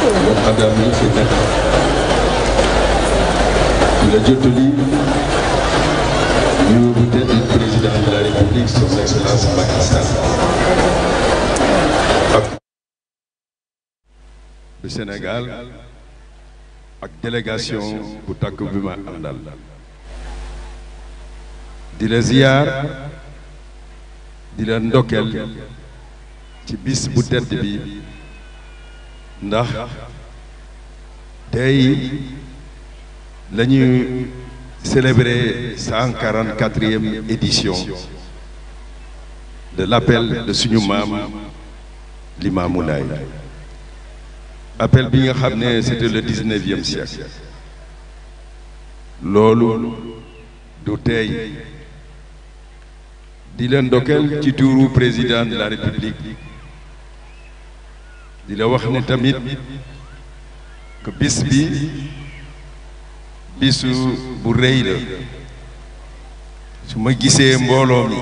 Adami Il a la République, son excellence Sénégal, ak délégation bu tàkk bi ma di la ziyaar di la ndokkeel ci bis bu tedd bi ndax tey la ñuy célébrer cent quarante quatrième édition de l'appel de suñu maam Limaamu Laay appel bi nga xam ne c'était le dix-neuvième siècle loolu du tey di leen dokel ci tuuru président de la république di la wax ni tamit que bis bi bisu bu rëy la su ma gisee mbooloo mi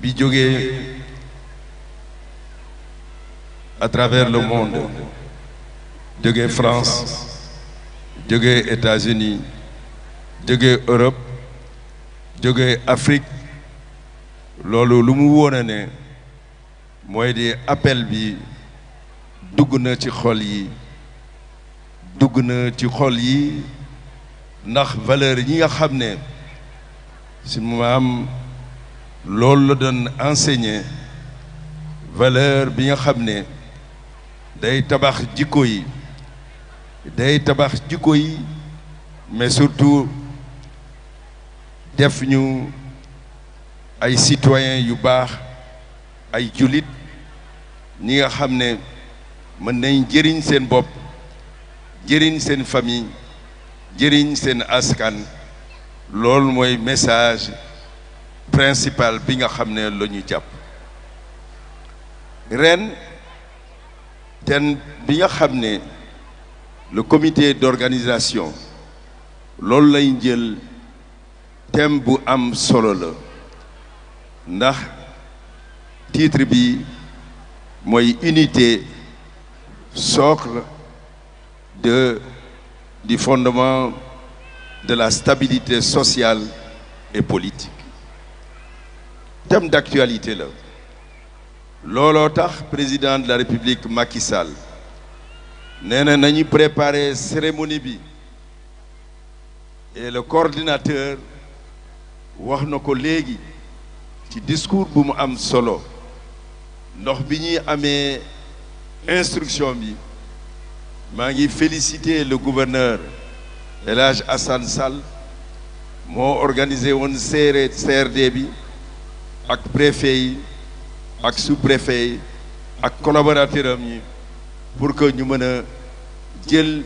bi jógee à travers le monde jógee France jógee États-Unis jógee Europe jógee Afrique loolu lu mu wóone ne mooy di appel bi dugg na ci xol yi dugg na ci xol yi ndax valeur yi nga xam ne si maam loolu la doon enseigner valeur bi nga xam ne day tabax jikko yi day tabax jikko yi mais surtout def ñu ay citoyens yu baax ay jullit ñi nga xam ne mën nañ jëriñ seen bopp jëriñ seen famille jëriñ seen askan loolu mooy message principal bi nga xam ne la ñu jàpp ren ten bi nga xam ne le comité d'organisation loolu lay jël thème bu am solo la ndax titre bi mooy unité socle de, du fondement de la stabilité sociale et politique thème d'actualité la looloo tax président de la république Macky Sall nee na nañu préparer cérémonie bi et le coordinateur wax na ko léegi ci discours bu mu am solo ndox bi ñuy instruction bi maa ngi féliciter le gouverneur élage Hadj Assane moo organisé woon CRD CRD bi ak préfet yi ak sous-préfet yi ak collaborateur am yi pour que ñu mën a jël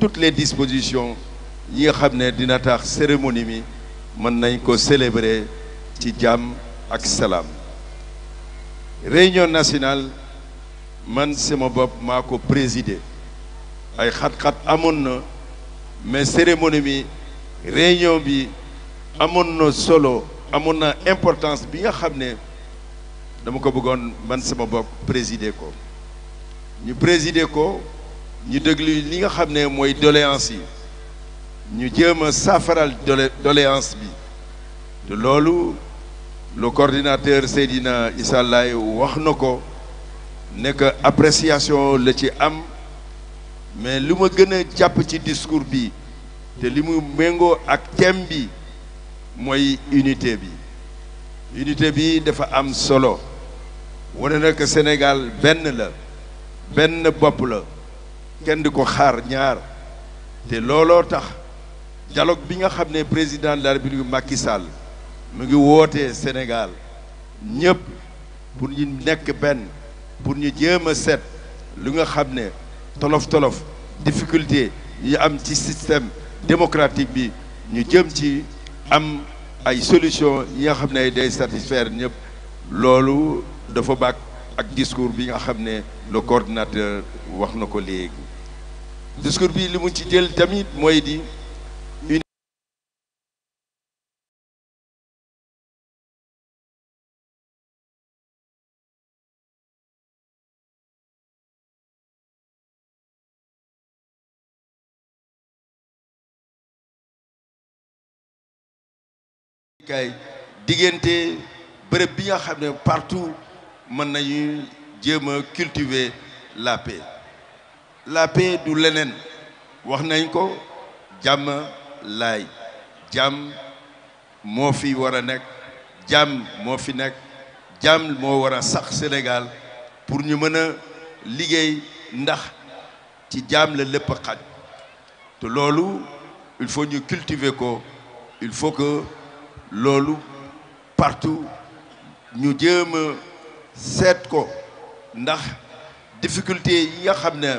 toutes les dispositions yi nga xam ne dina tax cérémonie mi mën nañ ko célébrer ci jàmm ak salaam réunion nationale man sama bopp maa ko présider ay xat-xat amoon na mais cérémonie bi réunion bi amoon na solo amoon na importance bi nga xam ne dama ko bëggoon man sama bopp présider ko ñu présider ko ñu déglu li nga xam ne mooy doléance yi ñu jéem a saafaral doléance bi loolu le coordinateur Seydina Issa Laye wax na ko ne que appréciation la ci am mais li ma gën jàpp ci discours bi te li mu méngoo ak thème bi mooy unité bi unité bi dafa am solo wane na que Sénégal benn la benn bopp la kenn di ko xaar ñaar te looloo tax jaloog bi nga xam ne président de la République Macky mu ngi woote Sénégal ñëpp pour ñu nekk benn pour ñu jéem a seet lu nga xam ne tolof-tolof difficulté yi am ci système démocratique bi ñu jëm ci am ay solution yi nga xam ne day satisfaire ñëpp loolu dafa baag ak discours bi nga xam ne le coordinateur wax na ko léegi discours bi li ci jël tamit mooy di jumtukaay diggante bërëb bi nga xam ne partout mën nañu jéem a cultiver la làppe du leneen wax nañ ko jàmm lay jàmm moo fi war a nekk jàmm moo fi nekk jàmm moo war a sax Sénégal pour ñu mën a liggéey ndax ci jàmm la lépp xaj te loolu il faut ñu cultiver ko il faut que loolu partout ñu jéem a seet ko ndax difficulté yi nga xam ne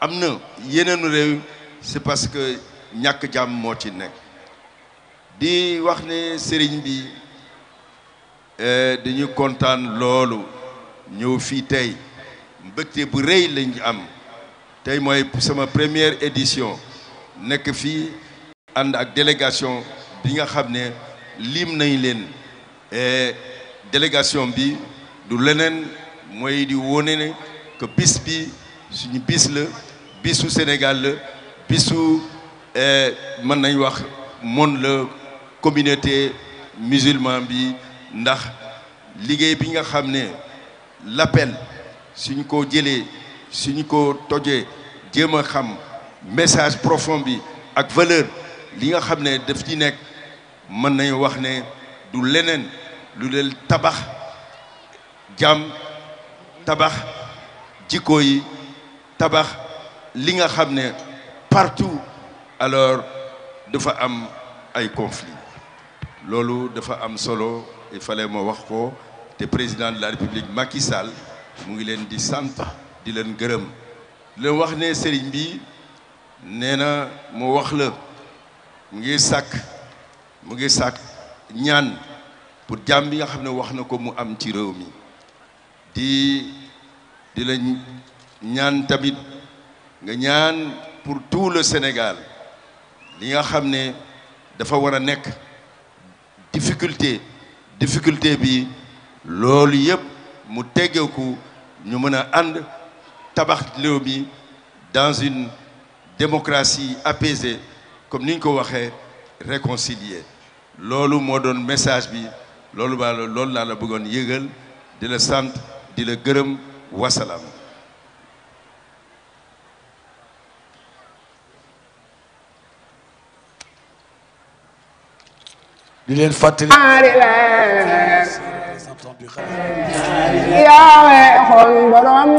am na yeneenu réew c'est parce que ñàkk jàmm moo ci nekk di wax ne sëriñ bi eh, dañu kontaan loolu ñëw fii tey mbëgte bu rëy lañ am tey mooy sama première édition nekk fii ànd ak délégation bi nga xam ne lim nañ leen e délégation bi du leneen mooy di wone ne que bis bi suñu bis la bisu Sénégal la bisu e mën nañ wax monde la communauté musulman bi ndax liggéey bi nga xam ne l'appel suñ ko jëlee suñ ko tojee jéem a xam message profond bi ak valeur li nga xam ne daf ci nekk mën nañu wax ne du leneen lu del tabax jàmm tabax jikko yi tabax li nga xam ne partout alors dafa am ay conflit loolu dafa am solo il fallait ma wax ko te président de la république Macky Sall mu ngi leen di sant di leen gërëm di leen wax ne sëriñ bi nee na mu wax la mu ngi sàkk mu ngi sàkk ñaan pour jàmm bi nga xam ne wax na ko mu am ci réew mi di di la ñaan tamit nga ñaan pour tout le Sénégal li nga xam ne dafa war a nekk difficulté difficulté bi loolu yëpp mu teggeeku ñu mën a ànd tabax réew mi dans une démocratie apaisée comme niñ ko waxee réconciliée loolu moo doon message bi loolu baa loolu laa la bëggoon yëgal di la sant di la gërëm wasalaam. di leen fàttali. yaa